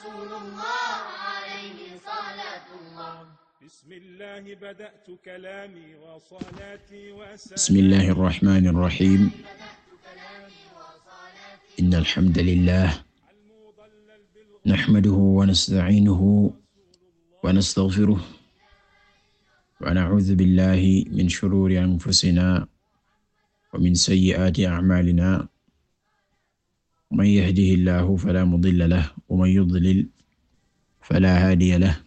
رسول الله عليه صلاة الله بسم الله بدأت كلامي وصلاتي وأسأل بسم الله الرحمن الرحيم إن الحمد لله نحمده ونستعينه ونستغفره ونعوذ بالله من شرور أنفسنا ومن سيئات أعمالنا man yahdihi llaahu falaa mudilla lahu wa man yudlil falaa haadiya lahu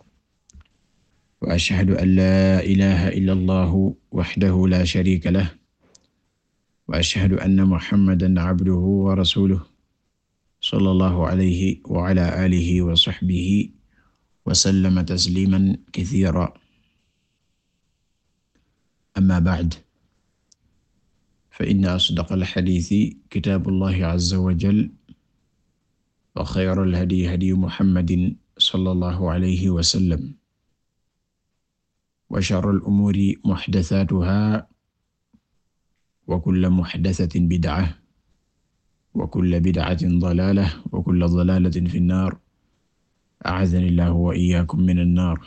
wa ashhadu an laa ilaaha illa llaahu wahdahu laa shariika lahu wa ashhadu anna muhammadan abduhu wa rasuluhu sallallaahu alayhi wa alaa aalihi wa sahbihi wa sallama tasliiman kasiiran ammaa ba'd فإن أصدق الحديث كتاب الله عز وجل وخير الهدي هدي محمد صلى الله عليه وسلم وشر الأمور محدثاتها وكل محدثة بدعة وكل بدعة ضلالة وكل ضلالة في النار أعاذني الله وإياكم من النار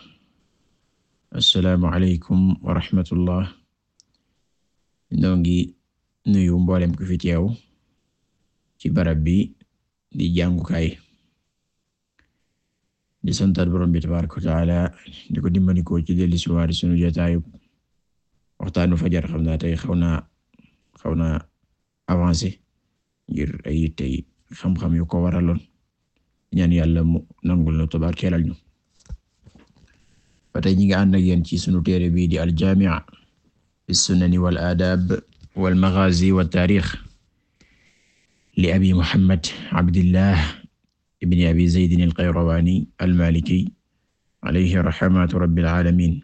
السلام عليكم ورحمة الله ñoo ngi nuyu mboolem ku fi teew ci barab bi di jàngukaay di santaat borom bi tabaaraka wa taala di ko dimbali ko ci dellu sunu waat sunu jotaayu waxtaanu fajar xam naa tey xaw naa xaw naa avancé ngir ay tey xam-xam yu ko waraloon ñaan yàlla mu nangul na tabaarkeelal ñu ba tey ñi nga ànd ak yéen ci sunu téere bii di al jaami'a sunani wal aadaab walmagaazi wa taarix li abi muhammad abdillah abi zaydin alqayrawani almaliki alayhi raxmatu rabbil alamin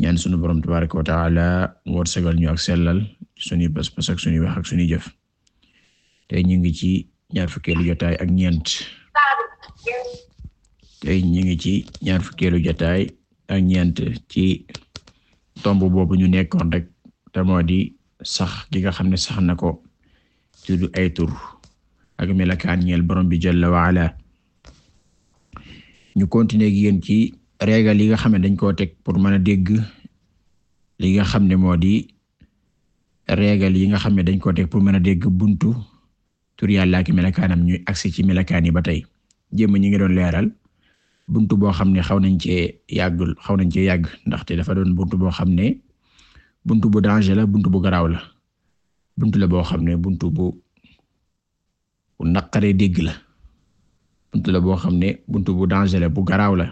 ñaan sunu boroom tabaraka wa taala wërsëgal ñu ak sellal suñuy pas-pas ak suñuy jëf tey ñu ngi ci ñaar fukkeelu jotaay ak ñeent tey ñu ngi ci ñaar fukkeelu jotaay ak ñeent ci tomb boobu ñu nekkoon rek sax gi nga xam ne sax na ko tudd ay tur ak melakaan ñeel borom bi jalla wa ala ñu continuer ak yéen ci régal yi nga xam ne dañ koo teg pour mën a dégg li nga xam ne moo di régal yi nga xam ne dañ koo teg pour mën a dégg buntu tur yàlla ak melakaanam ñuy agsi ci melakaan yi ba tey jéem ñi ngi doon leeral buntu boo xam ne xaw nañ cee yàggul xaw nañ cee yàgg ndaxte dafa doon buntu boo xam ne. buntu bu danger la buntu bu garaaw la buntu la boo xam ne buntu bu bu naqaree dégg la buntu la boo xam ne buntu bu danger la bu garaaw la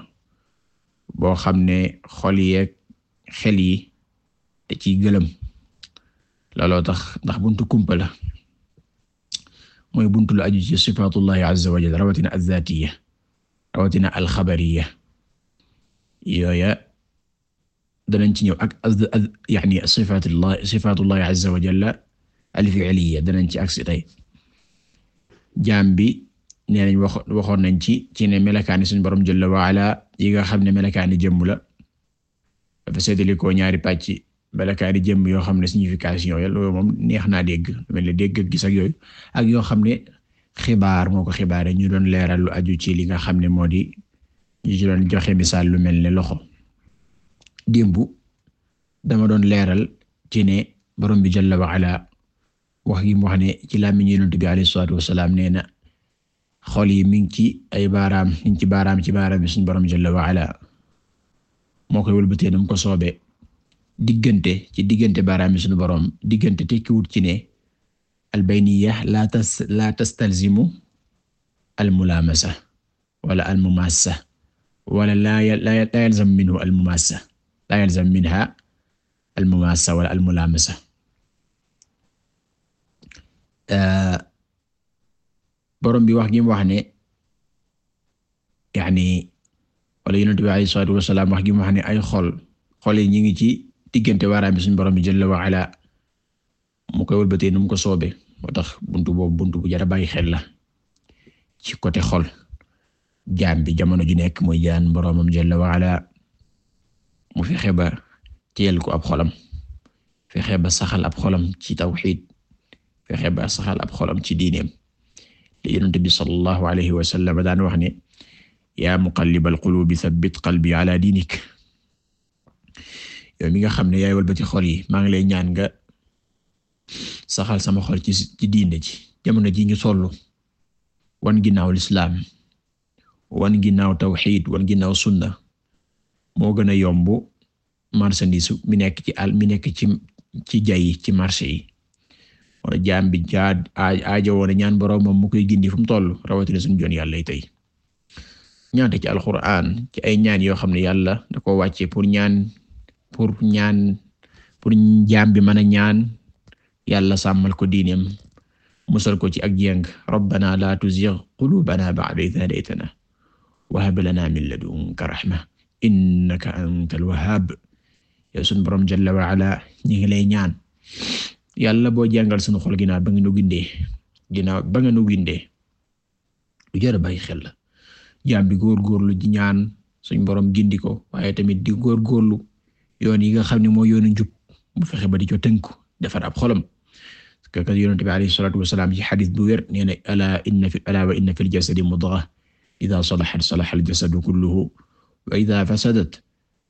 boo xam ne xol yeeg xel yi da ciy gëlëm looloo tax ndax buntu kumpa la mooy buntu la aju ci sifaatullahi azza wa jalla rawatina azzaatiya rawatina alxabariya yooya danañ ci ñëw ak yani sifatullah sifatullah azza wa jalla al-fi'liyya danañ ci agsi tey jaam bi nee nañ wax waxoon nañ ci ci ne melakaani suñu borom jalla wa ala yi nga xam ne melakaani jëmm la dafa seetalikoo ñaari pàcc melakaani jëmm yoo xam ne signification ya loolu moom neex naa dégg mel ne dégg ak gis ak yooyu ak yoo xam ne xibaar mooko ko xibaare ñu doon leeral lu aju ci li nga xam ne moo di ñu ci doon joxe misaal lu mel ne loxo démb dama doon leeral ci ne borom bi jalla wa ala wax gi mu wax ne ci làmmiñu Yonent bi alayhi salaatu wassalaam na xol yi mi ngi ci ay baaraam mi ci baaraam ci baaraam bi suñu borom jalla wa ala moo koy wëlbatee nam ko soobee diggante ci diggante baaraam bi suñu borom diggante tekkiwut ci ne albayniya la tas la tastalzimu almulaamasa wala almumassa wala la la yalzam minhu almumassa laa yalzam minha almumaasa wala almulaamasa borom bi wax gi mu wax ne yaani wala yonent bi alayhi salaatu wasalaam wax gi wax ne ay xol xol yi ñu ngi ci diggante waaraam bi suñu borom bi jalla wa ala mu koy wëlbatee nu mu ko soobee moo tax buntu boobu buntu bu jar a bàyyi xel la ci côté xol jaam bi jamono ju nekk mooy jaan boromam jalla wa ala mu fexe ba teel ko ab xolam fexe ba saxal ab xolam ci tawxiid fexe ba saxal ab xolam ci diineem li Yonent bi sallallahu alayhi wa sallam daan wax ne yaa muqallibal qulubi thabbit qalbi ala diinik yow mi nga xam ne yaay walbati xol yi maa ngi lay ñaan nga saxal sama xol ci ci diine ji jamono ji ñu sollu wan ginnaaw lislaam wan ginnaaw tawxiid wan ginnaaw sunna moo gën a yomb marchandise mi nekk ci al mi nekk ci ci jayi ci marché yi wala jaam bi jaa aajo woon ñaan borom moom mu koy gindi fu mu toll rawatina suñu joon yàlla tey ñaata ci alquran ci ay ñaan yoo xam ne yàlla da ko wàccee pour ñaan pour ñaan pour jaam bi mën a ñaan yàlla sàmmal ko diineem musal ko ci ak jeng rabbana la tuzigh qulubana ba'da idh hadaytana wa hab lana min ladunka rahma innaka antal wahhab yow borom jalla wa ala ñu ngi lay ñaan yàlla boo jàngal sunu xol ginnaaw ba nga nu gindee ginnaaw ba nga nu gindee lu jar a bàyyi xel la jaam bi góorgóorlu ji ñaan suñ borom gindi ko waaye tamit di góorgóorlu yoon yi nga xam ne moo yoonu njub mu fexe ba di co tënku defar ab xolam. ka kat yonent bi alayhi salaatu wasalaam ci xadis bu wér na ala inna fi ala wa inna fil jasadi mudgha idha salahat salaha al jasadu wa idaa fasadat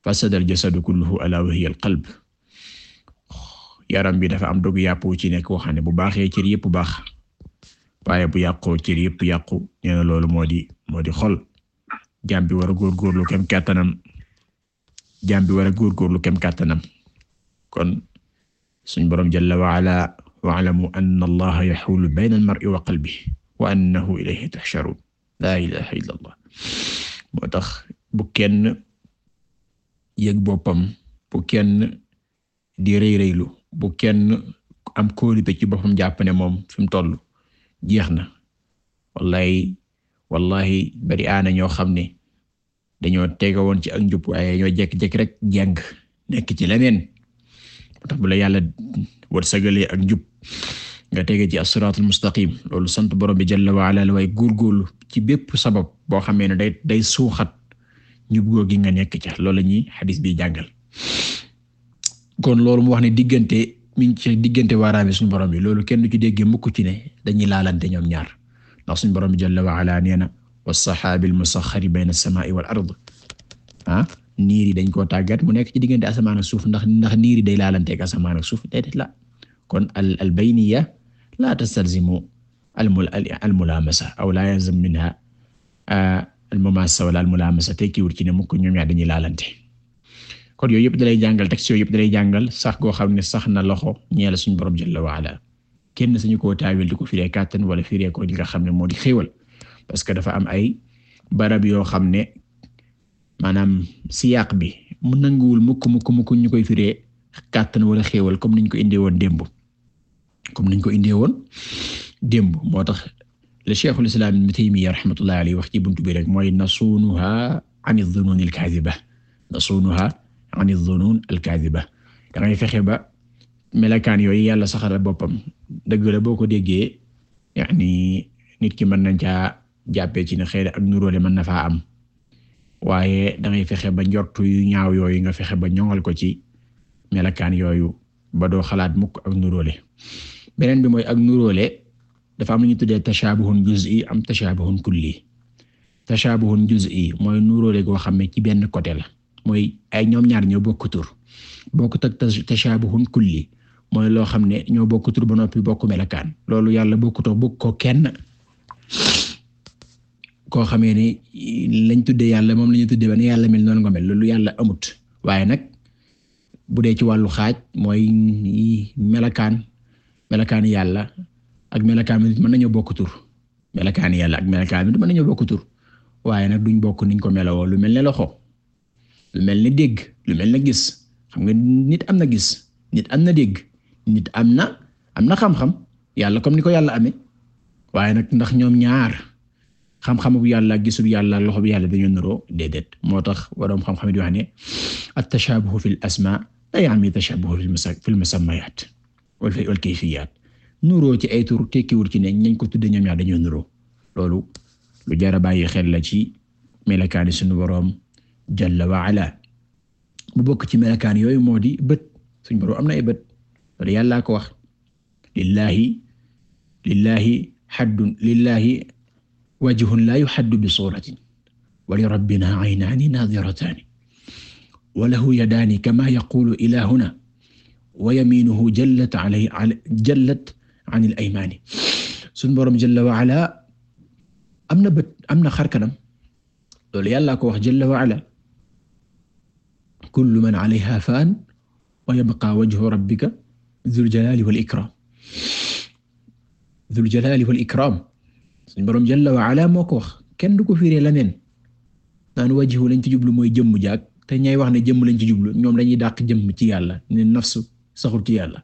fasada al-jasadu kulluhu alaa wa hiya al-qalb yaram bi dafa am dog yàpp ci nekk waxam ne bu baaxee cër yëpp baax waaye bu yàqoo cër yëpp yàqu nee na loolu moo di moo di xol jaam bi war a góorgóorlu kem kàttanam jaam bi war a góorgóorlu kem kàttanam kon suñ boroom jalla wa ala wa'lamu anna allaha yahulu bayna al-mar'i wa qalbihi wa annahu ilayhi tuhsharun la ilaha illa allah moo tax bu kenn yëg boppam bu kenn di rëy rëylu bu kenn am kóolute ci boppam jàpp ne moom fi mu toll jeex na wallahi wallahi bari aana ñoo xam ne dañoo tega woon ci ak njub waaye ñoo jekki-jekki rek jàng nekk ci leneen tax bu la yàlla wërsëgalee ak njub nga tege ci as-siraatul loolu sant borom bi jalla wa ala la way góorgóorlu ci bépp sabab boo xamee ne day suuxat njub googi nga nekk ca loolu la ñuy xadis bi jàngal kon loolu mu wax ne diggante mi ngi ci diggante waaraami suñu borom bi loolu kenn du ci déggee mukk ci ne dañuy laalante ñoom ñaar ndax suñu borom bi jalla wa ala nee na was-saxaabi al-musaxxari bayna as-samaa'i wal ard ah dañ koo tàggat mu nekk ci diggante asamaan ak suuf ndax ndax niir yi day laalante ak asamaan ak suuf la kon al al bayniya la tastalzimu al al mulaamasa aw la yalzamu minha ah, al mumaasa wala al mulaamasa tekkiwul ci ne mukk ñoom ñaar dañuy laalante kon yooyu yëpp dalay jàngal texte yooyu yëpp dalay jàngal sax goo xam ne sax na loxo ñeel suñu borom jalla wa ala kenn suñu koo taawil di ko firee kàttan wala fiire ko li nga xam ne moo di xéewal parce que dafa am ay barab yoo xam ne maanaam siyaaq bi mu nanguwul mukk mukk mukk ñu koy firee kàttan wala xéewal comme niñ ko indee woon démb comme niñ ko indee woon moo tax le cheikhul islam ibn Taymiyya rahmatullahi alayhi wax ci buntu bi rek mooy nasuunuha ani dhunuun al-kaadiba nasuunuha ani dhunuun al-kaadiba da ngay fexe ba melakaan yooyu yàlla saxal boppam dëgg la boo ko déggee yaani nit ki mën nañ caa jàppee ci ne xëy na ak nuróole mën na faa am waaye da ngay fexe ba njortu yu ñaaw yooyu nga fexe ba ñoŋal ko ci melakaan yooyu ba doo xalaat mukk ak nuróole beneen bi ak nuróole dafa am lu ñu tuddee tashabuhun juz'i am tashabuhun kulli tashabuhun juz'i mooy nuróore goo xam ne ci benn côté la mooy ay ñoom ñaar ñoo bokk tak bokkut ak tashabuhun kulli mooy loo xam ne ñoo bokk tur ba noppi bokk melakaan loolu yàlla bokkutoo bokk ko kenn koo xamee ni lañ tuddee yàlla moom la ñu tuddee ba ne yàlla mel noonu nga mel loolu yàlla amut waaye nag bu dee ci wàllu xaaj mooy melakaan melakaan yàlla ak melokaan bi mën nañoo bokk tur melokaan yàlla ak melokaan bi mën nañoo bokk tur waaye nag duñ bokk niñ ko melowoo lu mel ne loxo lu mel ne dégg lu mel ne gis xam nga nit am na gis nit am na dégg nit am na am na xam-xam yàlla comme ni ko yàlla amee waaye nag ndax ñoom ñaar xam-xamu yàlla gisu yàlla loxo bi yàlla dañoo niroo déedéet moo tax waroom xam-xam di ne at-tashabuhu fil asma la ya'ni tashabuhu fil masak fil musammayat wal kayfiyat nuroo ci ay tur tekkiwul ci ne ñañ ko tudde ñoom ñaar dañoo nuroo loolu lu jara bàyyi xel la ci melakaani suñu boroom jalla wa ala bu bokk ci melakaan yooyu moo di bët suñu boroom am na ay bët loolu yàllaa ko wax lillaahi lillaahi haddun lillaahi wajhun laa yuhaddu bi suuratin wa li rabbina aynaani naadirataani wa lahu yadaani kamaa yaquulu ilaahuna wa yamiinuhu jallat alayhi jallat anil aymaani suñ boroom jalla wa ala am na bët am na xarkanam loolu yàllaa ko wax jalla wa ala kullu man alayha faan wa yabqa wajhu rabbika dhul jalali wal ikram dhul jalali wal ikram jalla wa ala moo ko wax kenn du ko fiiree leneen naan wajhu lañ ci jublu mooy jëmm jaag te ñay wax ne jëmm lañ ci jublu ñoom dañuy dàq jëmm ci yàlla ne nafsu saxul ci yàlla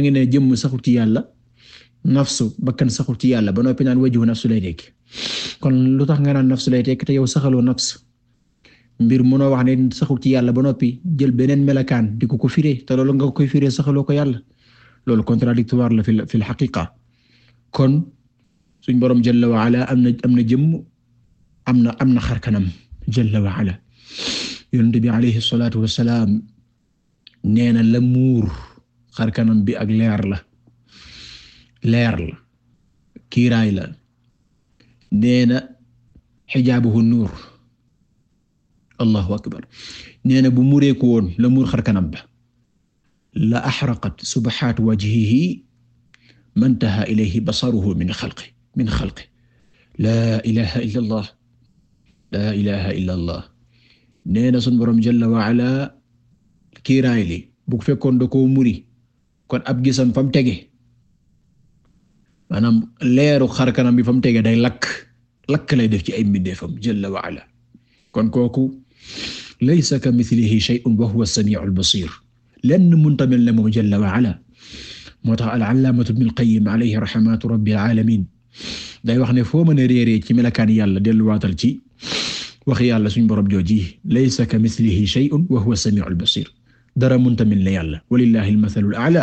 ngi ne jëmm saxul ci yàlla nafsu bakkan saxul ci yàlla ba noppi naan wajhu nafsu lay tekki kon lu tax nga naan nafsu lay tekki te yow saxaloo nafsu mbir mënoo wax ne saxul ci yàlla ba noppi jël beneen melakaan di ko ko fire te loolu nga koy firé saxaloo ko yàlla loolu contradictoire la fi fi xaqiqa kon suñ borom jalla wa ala am na am na jëmm am na am na xarkanam jalla wa ala yonent bi alayhi salaatu wa salaam na la muur xarkanam bi ak leer la. leer la kiiraay la nee na nuur allahu akbar nee na bu mureeku woon la muur xar kanam ba la axraqat subaxaat wajhihi mantaha ilayhi basaruhu min xalqi min xalqi laa ilaha illa allah na sun borom jalla waala kiiraay li bu fekkoon da koo muri kon ab gisam tege maanaam leeru xar kanam bi fa mu tege day lakk lakk lay def ci ay mbindeefam jalla wa ala kon kooku laysa ka mithlihi shay'un wa huwa as-sami'u al-basir lenn mënta mel ne moom jalla wa ala moo tax al-allaamatu ibn al-qayyim alayhi rahmatu rabbil alamin day wax ne foo mën a réeree ci melakaan yàlla delluwaatal ci wax yàlla suñ borom jooji laysa ka mithlihi shay'un wa huwa as-sami'u al-basir dara mënta mel ne yàlla walillahi al-mathalu al-a'la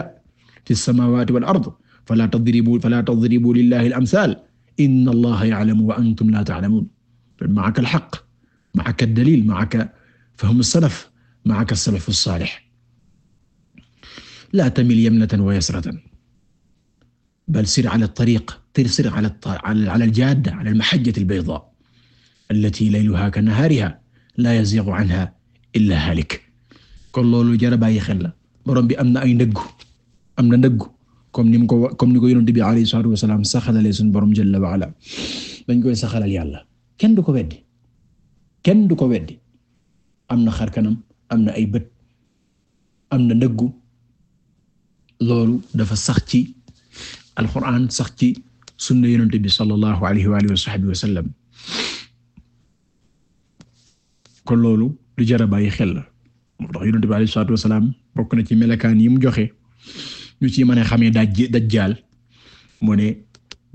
fi as-samawati wal ard fala tadribu fala tadribu lillahi al-amsal inna allaha ya'lamu wa antum la ta'lamun ma'aka al-haqq ma'aka ad-dalil ma'aka fahm as-salaf ma'aka as-salaf as-salih la tamil yamnatan wa yasratan bal sir 'ala at-tariq sir 'ala 'ala al-jadda 'ala al-mahajjati al-bayda allati layluha ka-nahariha la yazighu 'anha illa halik kon loolu jar a bàyyi xel la borom bi am na ay ndëggu am na ndëggu comme ni mu ko comme ni ko yonent bi alayhi salaatu wasalaam saxalalee suñu borom jalla wa ala dañ koy saxalal yàlla kenn du ko weddi kenn du ko weddi am na xar kanam am na ay bët am na ndëggu loolu dafa sax ci alquran sax ci sunna yonent bi sallallahu alayhi wa alihi wa sahbihi wa sallam kon loolu du jar a bàyyi xel la moo tax yonent bi alayhi salaatu wasalaam bokk na ci melakaan yi mu joxe. ñu ci mën a xamee daj dajjaal mu ne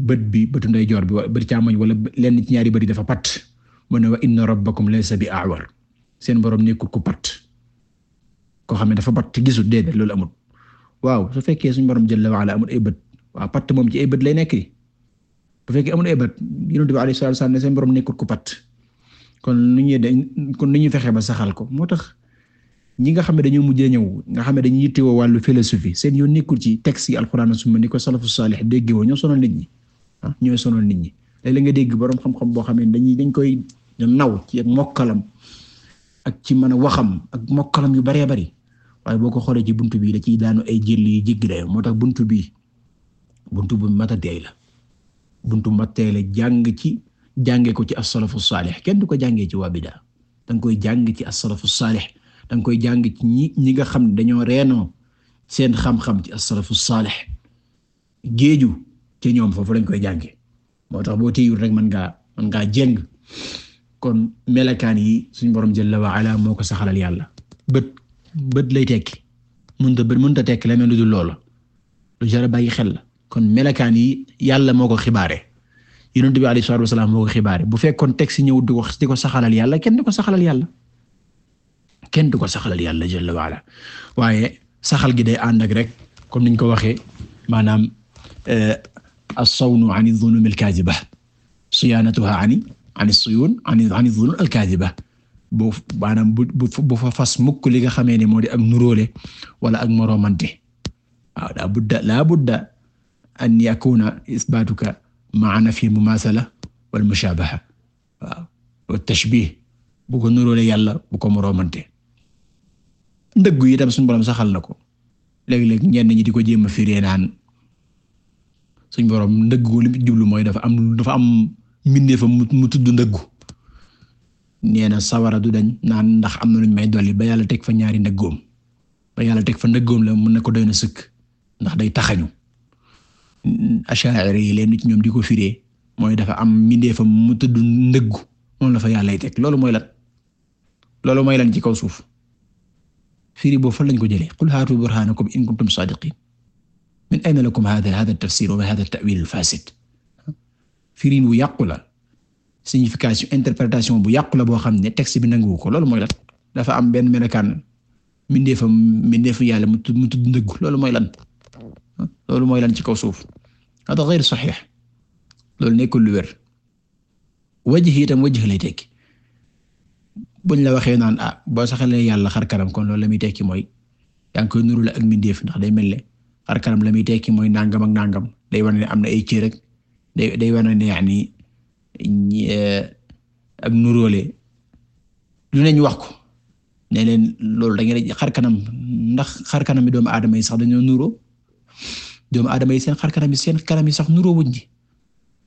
bët bi bëtu ndeyjoor bi wala bët càmmoñ wala lenn ci ñaari bët dafa pat mu ne wa inna rabbakum laysa bi a'war seen borom nekkul ku pat koo xam ne dafa pat gisul déedéet loolu amul waaw su fekkee suñu borom jël la waala amul ay bët waa pat moom ci ay bët lay nekk bu fekkee amul ay bët yonent bi alayhi salaatu seen borom nekkul ku pat kon nu ñuy de kon nu ñuy fexe ba saxal ko moo tax. ñi nga xam ne dañoo mujjee ñëw nga xam ne dañuy yittewoo wàllu philosophie seen yoon nekkul ci tex yi alxuraan suma ni ko salafu saalix déggewoo ñoo sonal nit ñi ah ñooy sonal nit ñi léeg-léeg nga dégg borom xam boo xam ne dañ koy naw ci mokkalam ak ci mën a waxam ak mokkalam yu baree bari waaye boo ko xoolee ci buntu bii da ciy daanu ay jël yu jéggi dayo moo tax buntu bii buntu bu mat a deey la buntu mat tey la jàng ci jàngee ko ci as-salafu saalix kenn du ko jàngee ci waa bidaa danga koy jàng ci as-salafu saalix danga koy jàng ci ñi ñi nga xam ne dañoo reenoo seen xam-xam ci as-salafu géeju ci ñoom foofu lañ koy jànge moo tax boo téyul rek mën nga mën ngaa jéng kon melekaan yi suñu borom jalla wa ala moo ko saxalal yàlla bët bët lay tekki mënta bët mënta tekki la mel du loolu lu jar a xel la kon melakaan yi yàlla moo ko xibaare yonent bi alayhi salaatu wasalaam moo ko xibaare bu fekkoon teg si ñëw di ko ko saxalal yàlla kenn di ko saxalal yàlla kenn du ko saxalal yàlla jalla waala waaye saxal gi day ànd ak rek comme niñ ko waxee maanaam eh, as-sawnu ani dhunum al-kaadiba siyaanatuha ani ani suyun ani ani dhunum al-kaadiba boo maanaam bu bu fa fas mukk li nga xamee ne moo di ak nuróole wala ak moroomante waaw laa budda laa budda an yakuna isbaatuka maana fi mumaasala wal mushaabaha waaw wa tashbih bu ko nuróole yàlla bu ko moroomante ndëggu yi itam suñ borom saxal na ko léegi léeg ñenn ñi di ko jéem a firee naan suñu borom ndëggu li jublu mooy dafa am dafa am mbindee fa mu tudd ndëggu nee na sawara du dañ naan ndax am na luñ may dolli ba yàlla teg fa ñaari ndëggoom ba yàlla teg fa ndëggoom la mun na ko doy sëkk ndax day taxañu asha'iri yi leen ci ñoom di ko mooy dafa am mbindee mu tudd ndëggu moom la fa yàlla teg loolu mooy lan loolu mooy lan ci kaw suuf. firi boobu fan lañ ko jëlee qul haatu burhaanakum in kuntum saadiqiin min ayna lakum haadaa haadaa at-tafsiir wa haadaa at-ta'wiil al-faasid firi bu yàqu la signification interprétation bu yàqu la boo xam ne si bi nanguwu ko loolu mooy lan dafa am benn melokaan mindeefam mindeefu yàlla mu tudd mu tudd ndëgg loolu mooy lan loolu mooy lan ci kaw suuf haadaa ghayr sahiih loolu nekkul lu wér wajhi itam wajhi lay tekki buñ la waxee naan ah boo saxalee yàlla xar kanam kon loolu la muy tekki mooy yaa ngi koy nuru la ak mindeef ndax day mel ne xar kanam la muy tekki mooy nangam ak nangam day wane ne am na ay cër rek day day wane ne yaani eh, ak nuróole lu ne ñu wax ko ne leen loolu da xar kanam ndax xarkanam kanam doom doomu aadama yi sax dañoo nuroo doom aadama yi seen xar yi seen kanam yi sax nuroo wuñ ji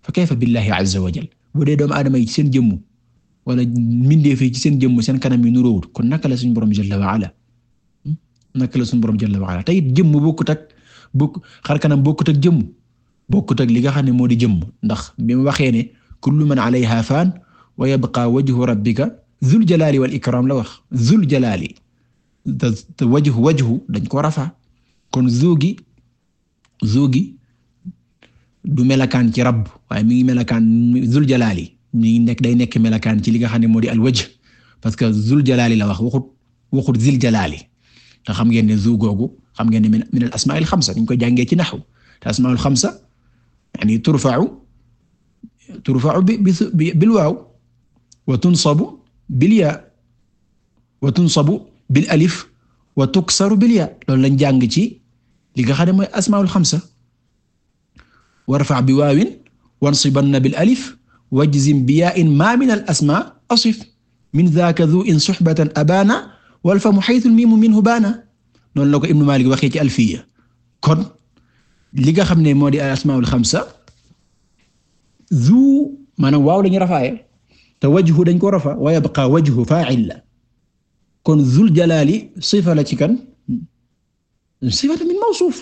fa kayfa billahi azza wa jal bu dee doomu aadama yi seen jëmm. wala mbindeef yi ci seen jëmm seen kanam yi nuroowul kon naka la suñu borom jalla wa ala hmm? naka la suñu borom jalla wa ala te it jëmm bokkut ak bokk xar bokkut ak jëmm bokkut ak li nga xam ne moo di jëmm ndax mi mu waxee ne kullu man alayha faan wa yabqa wajhu rabbika zul jalaali wal ikram la wax zul jalaali te wajhu wajhu dañ ko rafa kon zuugi zuugi du melakaan ci rabb waaye mi ngi melakaan zul jalaali mi nekk day nekk melakaan ci li nga xam ne moo di alwajh parce que zul jalaali la wax waxut waxut zil jalaali te xam ngeen ne zu googu xam ngeen ne min al asmaa'il xamsa dañ koy jàngee ci naxwu te asmaa'ul xamsa yani turfa'u turfa'u bi bil waaw wa tunsabu bil yaa wa tunsabu bil alif wa tuksaru bil yaa loolu lañ jàng ci li nga xam ne mooy asmaa'ul xamsa warfa' bi waawin wansibanna bil alif wajzim biyaa in maa min al asma asif min zaaka zu in suxbatan abaana wal famu xaytul miimu minhu baana noonu la ko Ibnu Maalik waxee ci alfiya kon li nga xam ne moo di al asmaul xamsa zu maanaam waaw lañu rafaaye te wajhu dañ ko rafa wa yabqa wajhu faa'il la kon zul jalaali sifa la ci kan sifa min mawsuuf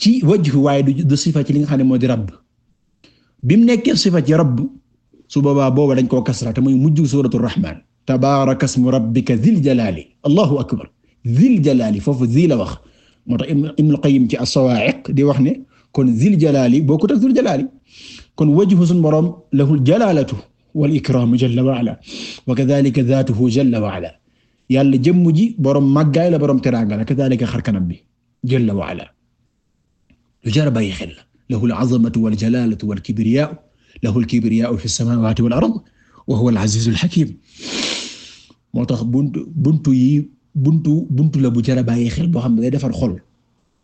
ci wajhu waaye du sifa ci li nga xam ne moo di rabb bi mu nekkee sifa ci rabb su boobaa booba dañ koo kasra te muy mujj suuratu rahmaan tabaaraka smu rabbika zil jalaali allahu akbar zil jalaali foofu zi la wax moo tax Ibnul Qayyim ci as-Sawaa'iq di wax ne kon zil jalaali bokkut ak zul jalaali kon wajhu sunu boroom lahul jalaalatu wal ikraamu jalla wa ala wa kadaalika zaatuhu jalla wa ala yàlla jëmm ji boroom màggaay la boroom teraanga la kadaalika xarkanam bi jalla wa ala lu jar a bàyyi xel la lahu al-azamatu wal-jalalatu wal-kibriyaa'u lahu al-kibriyaa'u fi as-samaawaati wal-ard wa huwa al-aziizu al-hakiim moo tax buntu buntu yi buntu buntu la bu jar a bàyyi xel boo xam ne day defar xol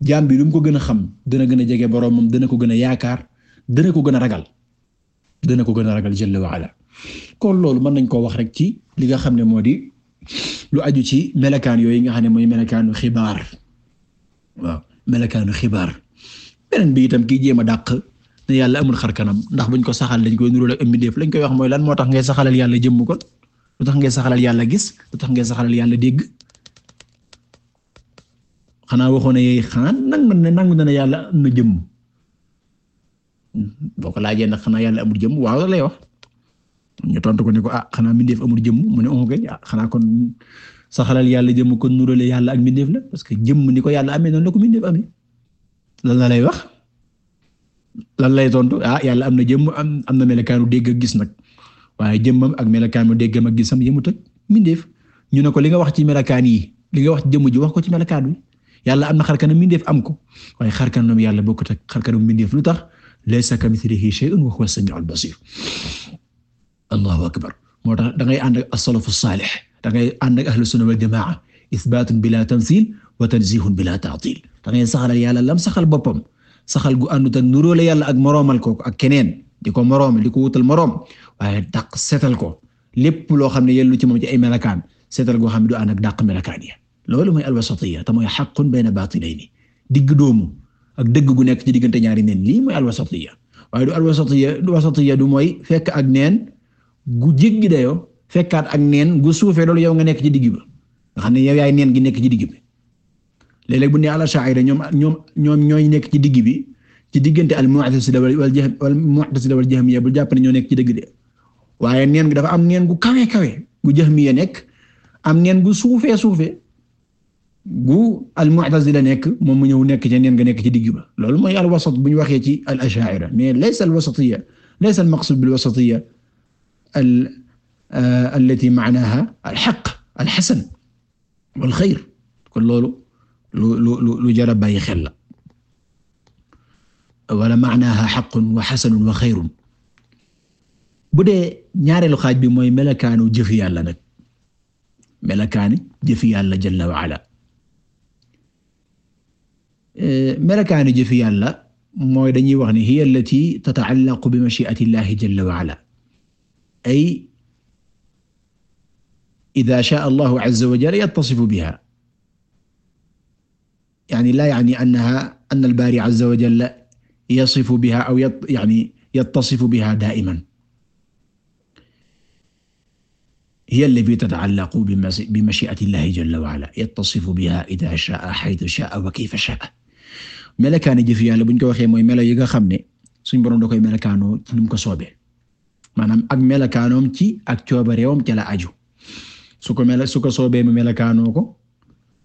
jaam bi lu mu ko gën a xam dana gën a jege boroomam dana ko gën a yaakaar dana ko gën a ragal dana ko gën a ragal jalla wa ala kon loolu mën nañ koo wax rek ci li nga xam ne moo di lu aju ci melakaan yooyu nga xam ne mooy melakaanu xibaar waaw melakaanu xibaar. beneen bi itam kii jéem a dàq ne yàlla amul xar kanam ndax buñ ko saxaal dañ koy nuróol ak lañ koy wax mooy lan moo tax ngay saxalal yàlla jëmm kon lu tax ngay saxalal yàlla gis lu tax ngay saxalal yàlla dégg xanaa waxoon ne yey xanaa nangu na na yàlla am jëmm boo ko laajee nag xanaa yàlla amul jëmm waaw lay wax ñu ko ne ko ah xanaa mbindeef amul jëmm mu ne onge oh ah xanaa kon saxalal yàlla jëmm kon nuróole yàlla ak mbindeef la parce que jëmm ni ko yàlla amee noonu la ko mbindeef amee lan la lay wax lan lay tontu ah yàlla am na jëmm am am na melokaanu dégg gis nag waaye jëmmam ak melokaanu déggam ak gisam yemut ak mindeef ñu ne ko li nga wax ci melokaan yi li nga wax ci jëmm ji wax ko ci melokaan wi yàlla am na xarkanam mindeef am ko waaye xarkanam yàlla ko ak xarkanam mindeef lu tax laysa kamithlihi shay'un wa huwa as-sami'ul basir allahu akbar moo tax da ngay ànd ak as-salafu da ngay ànd ak ahlus sunna wal jamaa isbatun bila tamthil wa tanzihun bila ta'til da ngay saxalal yàlla lam saxal boppam saxal gu àndu ta nuróole yàlla ak moroomal ko ak keneen di ko moroom di ko wutal moroom waaye dàq seetal ko lépp loo xam ne yellu ci moom ci ay melakaan seetal goo xam ne du ànd ak dàq melakaan ya loolu mooy alwasatiyya te mooy haqqun bayna batilayni digg doomu ak dëgg gu nekk ci diggante ñaari neen lii mooy alwasatiyya waaye du alwasatiyya du wasatiyya du mooy fekk ak neen gu jéggi dayoo fekkaat ak neen gu suufee loolu yow nga nekk ci digg ba nga xam ne yaay neen gi nekk ci digg bi léeg-léeg bu ne al ash'ari ñoom ñoom ñoom ñooy nekk ci digg bi ci diggante al mu'tasila wal jahm wal mu'tasila wal jahmiya bu jàpp ne ñoo nekk ci dëgg de waaye neen gi dafa am neen gu kawe kawe gu jahmiya nekk am neen gu suufee suufee gu al mu'tazila nekk moom mu ñëw nekk ci neen nga nekk ci digg ba loolu mooy al wasat bu ñu waxee ci al ash'ari mais laysa al wasatiyya laysa al maqsud bil wasatiyya al allati ma'naha al haqq al hasan wal khayr kon loolu lu lu lu jar a bàyyi xel la wala maanaaha xaqun wa xasanun wa xayrun bu dee ñaareelu xaaj bi mooy melakaanu jëfi yàlla nag melakaani jëfi yàlla jalla wa ala eh, melakaanu jëfi yàlla mooy dañuy wax ne hiya allati tataallaqu bi mashiati illahi jalla wa ala ay ida shaa allahu azza wa jalla yattasifu biha يعني لا يعني أنها أن الباري عز وجل يصف بها أو يعني يتصف بها دائما هي التي تتعلق بمشيئة الله جل وعلا يتصف بها إذا شاء حيث شاء وكيف شاء melokaani jëf yàlla buñ ko waxee mooy melo yi nga xam ne suñ boroom da koy melokaanoo ci nu mu ko soobee maanaam ak melokaanoom ci ak coobareewam ca la aju su ko mel su ko soobee mu melokaanoo ko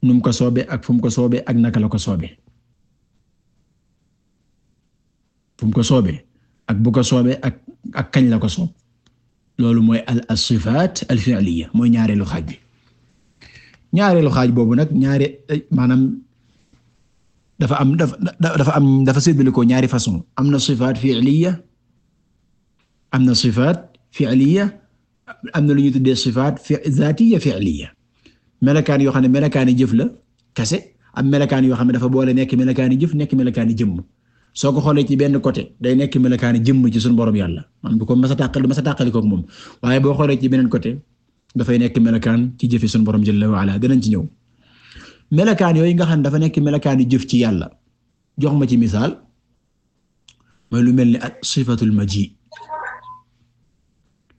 nu ko soobee ak fu mu ko soobee ak naka la ko soobe fum ko soobee ak bu ko soobee ak ak kañ la ko soob loolu mooy al as-sifaat al-fi'liyya mooy ñaareelu xaaj bi ñaareelu xaaj boobu nag ñaare eh, maanaam dafa am dafa am dafa séddale ko ñaari façon am na sifaat fi'liyya am na sifaat fi'liyya am na lu ñuy tuddee sifaat zaatiyya fi'liyya melakaan yoo xam ne melakaani jëf la kase am melakaan yoo xam ne dafa boole nekk melakaani jëf nekk melakaani jëmm soo ko xoolee ci benn côté day nekk melakaani jëmm ci suñu borom yàlla man ko masa tàqal du masa tàqali moom waaye boo xoolee ci beneen côté dafay nekk melakaan ci jëfi suñu borom jalla wa ala danañ ci ñëw melakaan yooyu nga xam ne dafa nekk melakaani jëf ci yàlla jox ma ci misaal mooy lu mel ne sifatul maji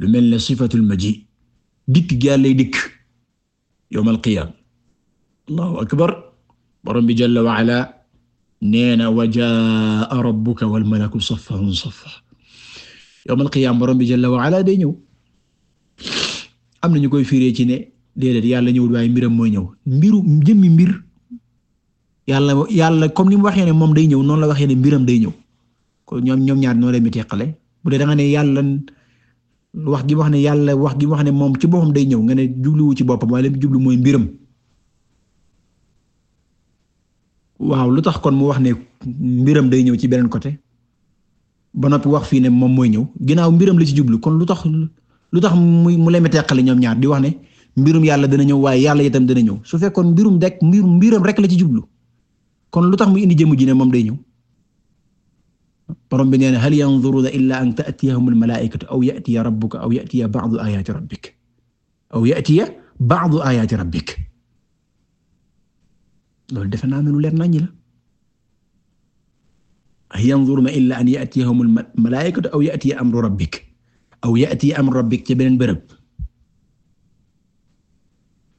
lu mel ne sifatul maji dikk gi yàlla lay dikk yawmal qiyaama allahu akbar borom bi jalla wa ala neena wa jaa'a rabbuka wal malaku saffan saffa yawmal qiyaama borom bi jalla wa day ñëw am na ñu koy firee ci ne déedéet yàlla ñëwul waaye mbiram mooy ñëw mbiru jëmmi mbir yàlla yàlla comme ni mu waxee moom day ñëw noonu la waxee ne mbiram day ñëw ñoom ñoom ñaar noo mi teqale bu dee da nga ne yàlla wax gi wax ne yàlla wax gi wax ne moom ci boppam day ñëw nga ne jubluwu ci boppam waaye lim jublu mooy mbiram waaw lu tax kon mu wax ne mbiram day ñëw ci beneen côté ba noppi wax fii ne moom mooy ñëw ginnaaw mbiram la ci jublu kon lu tax lu tax muy mu leme teqale ñoom ñaar di wax ne mbirum yàlla dana ñëw waaye yàlla itam dana ñëw su fekkoon mbirum dekk mbirum mbiram rek la ci jublu kon lu tax muy indi jëmm ji ne moom day ñëw. borom bi nee na hal yanzuruna illa an ta'tiyahum al-malaa'ikatu aw ya'tiya rabbuka aw ya'tiya ba'du aayaati rabbik aw ya'tiya ba'du aayaati rabbik loolu defe naa ne lu leer nañu la hal yanzuruna illa an ya'tiyahum al-malaa'ikatu aw ya'tiya amru rabbik aw ya'tiya amru rabbik ci beneen bërëb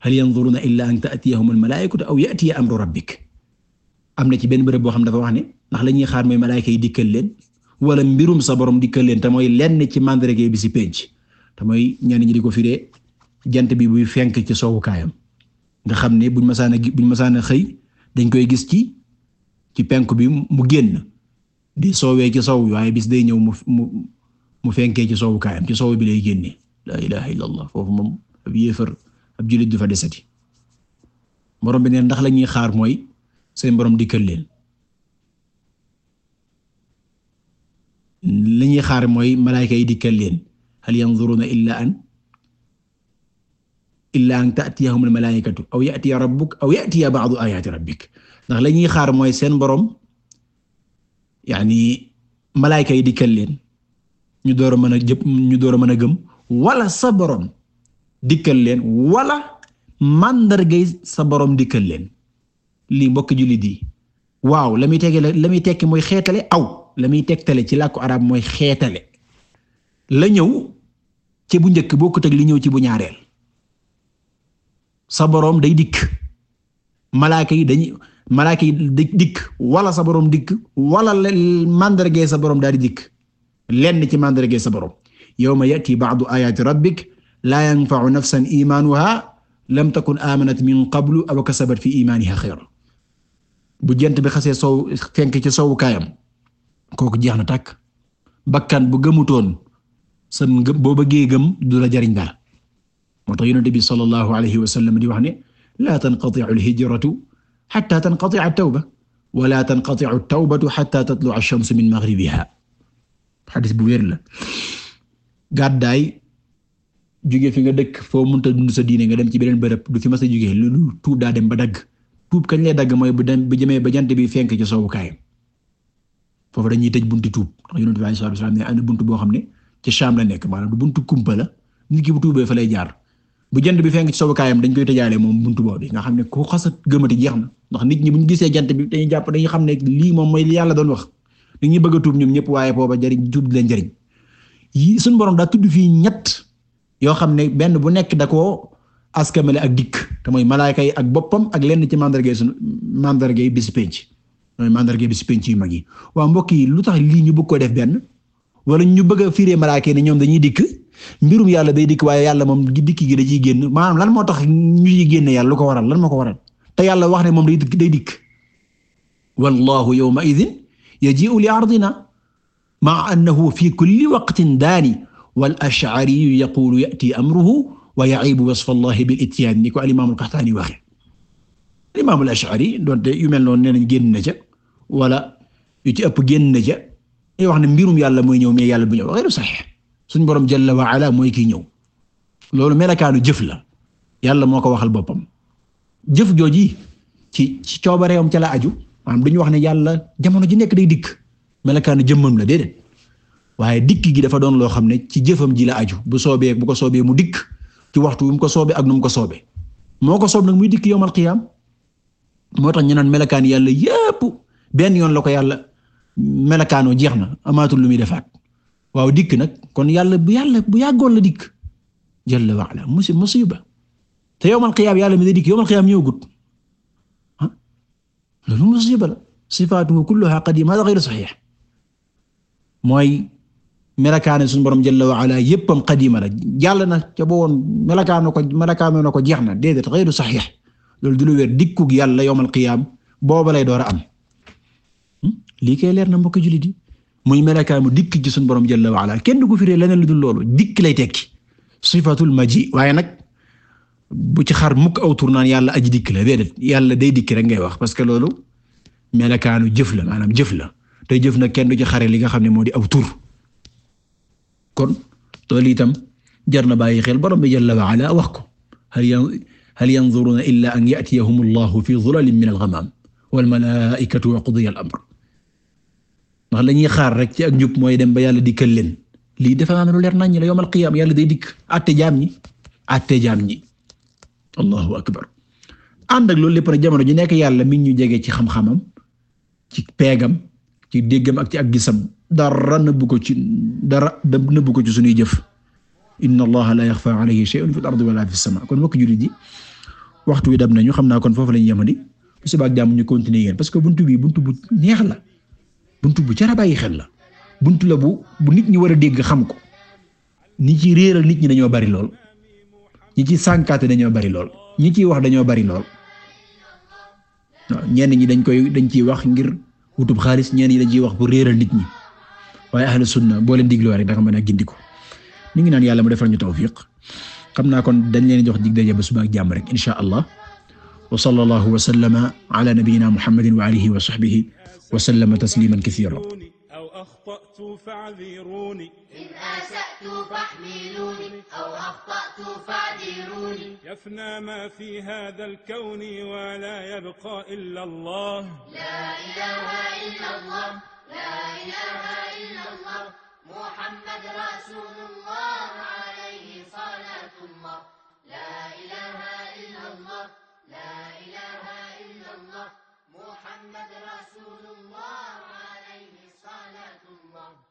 hal yanzuruna illa an ta'tiyahum al-malaa'ikatu aw ya'tiya amru rabbik am na ci benn bërëb boo xam dafa wax ne ndax la ñuy xaar mooy malaayka yi dikkal leen wala mbirum sa boroom dikkal leen te mooy lenn ci mandarga bi si penc te mooy ñenn ñi di ko firee jant bi buy fenk ci soowu nga xam ne buñ masaan a buñ masaan xëy dañ koy gis ci ci penku bi mu génn di soowee ci soow waaye bis day ñëw mu mu mu fenkee ci soowu kaayam ci soow bi lay génnee la ilaha illallah foofu moom ab yéefar ab jullit du fa desati borom bi ne ndax la ñuy xaar mooy seen borom dikkal leen li ñuy xaar mooy malaayka yi dikkal leen hal yanzuruna illa an illa an ta'tiyahum al malaa'ikatu aw ya'tiya rabbuk aw ya'tiya ba'du ayati rabbik ndax la ñuy xaar mooy seen borom yaani malaayka yi dikkal leen ñu door a mën a jëpp ñu door a mën a gëm wala sa borom dikkal leen wala mandargay sa borom dikkal leen lii mbokki jullit yi waaw la muy tege la muy tekki mooy xeetale aw la muy tegtale ci làkku araab mooy xeetale la ñëw ci bu njëkk bokkut ak li ñëw ci bu ñaareel sa boroom day dikk malaaka yi dañuy malaaka yi dikk wala sa boroom dikk wala mandargee sa boroom daal di dikk lenn ci mandargee sa boroom yawma yati ba'du ayati rabbik laa yanfa'u nafsan imanuha lam takun amanat min qablu aw kasabat fi imaniha xayran bu jent bi xasee sow fenk ci sowu kaayam kooku jeex na tàkk bakkan bu gëmutoon sa boo bëggee gëm du la jariñ dara moo tax yonent bi sallallahu alayhi wa sallam di wax ne laa tanqati'u al-hijratu hatta tanqati'a at-tawba wa laa tanqati'u at-tawbatu hatta tatlu'a ash-shamsu min maghribiha xadis bu wér la gàddaay jóge fi nga dëkk foo munta dund sa diine nga dem ci beneen bërëb du fi mas a jóge loolu tuub daa dem ba dagg tuub kañ lay dagg mooy bu dem bu jëmee ba jant bi fenk ci sowukaay foofu dañuy tëj buntu tuub ndax Yonent bi sallallahu ne buntu boo xam ne ci Sham la nekk maanaam bu lay jaar bu jant bi fenk ci sowukaayam dañ koy tëjaale moom buntu boobu nga xam ne ku xas a gëmati jeex na ndax nit ñi bu ñu gisee jant bi dañuy jàpp dañuy xam ne lii moom mooy li yàlla doon wax nit ñi tuub ñoom ñëpp waaye booba jariñ tuub di leen jariñ yi suñu borom daa tudd fii ñett yoo xam ne benn bu nekk da koo askamale ak dikk te mooy malaayka yi ak boppam ak lenn ci mandargay sunu mandargay bis penc mooy mandargay bis penc yu mag yi waaw mbokk yi lu tax lii ñu bëgg ko def benn wala ñu bëgg a firee malaayka yi ne ñoom dañuy dikk mbirum yàlla day dikk waaye yàlla moom dikk gi da ciy génn maanaam lan moo tax ñu ciy génne yàlla lu ko waral lan moo ko waral te yàlla wax ne moom day day dikk wallahu yawma idin yaji'u li ardina ma'a annahu fi kulli waqtin daani wal ash'ari yaqulu ya'ti amruhu wa ya'ibu wasf Allah bil ityaan ni ko al-imaam al-Qaxtaani waxe yu mel noonu nee nañ génn na ca wala yu ci ëpp génn na ca wax ne mbirum yàlla mooy ñëw mais yàlla bu ñëw suñ borom jalla wa ala mooy kiy ñëw loolu melakaanu jëf la yàlla moo ko waxal boppam jëf jooji ci ci coobareewam ca la aju wax ne yàlla jamono ji nekk day dikk melakaanu jëmmam la déedéet waaye dikk gi dafa doon loo xam ne ci jëfam ji la aju bu soobee bu ko soobee mu dikk ci waxtu wi mu ko soobee ak nu mu ko soobee moo ko soob nag muy dikk yowmal qiyaam moo tax ñu naan melakaan yàlla yépp benn yoon la ko yàlla melakaanoo jeex na amaatul lu muy defaat waaw dikk nag kon yàlla bu yàlla bu yàggoon la dikk jalla wa ala musi musiba te yowmal qiyaam yàlla mi day dikk yowmal qiyaam ñëwagut ah loolu musiba la sifaatuhu kulluha qadiima hada ghayru saxiix mooy melakaane suñ borom jalla wa ala yéppam qadima la jàll na ca bo woon melakaano ko melakaano na ko jeex na déedéet xeyru saxiix loolu du lu wér dikkug yàlla yowmal qiyaam booba lay door a am hmm? lii kay leer na mbokk jullit yi muy melakaanu dikk ci suñu borom jalla wa ala kenn du ko firee leneen lu dul loolu dikk lay tekki sifatul maji waaye nag bu ci xar mukk aw tur naan yàlla aj dikk la déedéet yàlla day dikk rek ngay wax parce que loolu melakaanu jëf la maanaam jëf la te jëf nag kenn du ci li nga xam ne moo di aw tur kon loolu itam jar na bàyyi xel borom bi jalla wa ala wax ko hal yanzuruna illa an ya'tiyahum allahu fi zulalin min al-ghamam wal malaa'ikatu wa qudiya al-amr ndax la ñuy xaar rek ci ak njub mooy dem ba yàlla dikkal leen lii dafa am lu leer nañ la yawmal qiyaama yàlla day dikk àtte jaam ñi àtte jaam ñi allahu akbar ànd ak loolu lépp nag jamono ji nekk yàlla mi ñu jege ci xam-xamam ci peegam ak ci ak gisam dara nëbbu ko ci dara nëbbu ko ci suñuy jëf inna allaha la yaxfa alayhi shay'un fil ardi sama kon mbokk jullit yi waxtu wi dab nañu xam naa kon foofu lañu yemandi bu subaak jàmm ñu continuer yéen parce que buntu bi buntu bu neex la buntu bu jar bàyyi xel la buntu la bu bu nit ñi war a dégg xam ko ñi ci réeral nit ñi dañoo bari lool ñi ci sànkaate dañoo bari lool ñi ciy wax dañoo bari lool ñenn ñi dañ koy dañ ciy wax ngir wutub xaalis ñeen ñi dañ ciy wax bu réeral nit ñi waaye ahlu sunna boo leen digloo rek da nga mën a gindiku ñu ngi naan yàlla mu defal ñu tawfiq xam naa kon dañ leen jox dig daje ba suba ak jàmm rek insha allah wa sallallahu wa sallama ala nabiyyina muhammadin wa alihi wa sahbihi wa sallama tasliman kathiran aw akhta'tu fa'dhiruni in asa'tu fahmiluni aw akhta'tu fa'dhiruni yafna ma fi hadha al-kawni wa la yabqa illa Allah la ilaha illa Allah لا إله إلا الله محمد رسول الله عليه صلاة الله لا إله إلا الله لا إله إلا الله محمد رسول الله عليه صلاة الله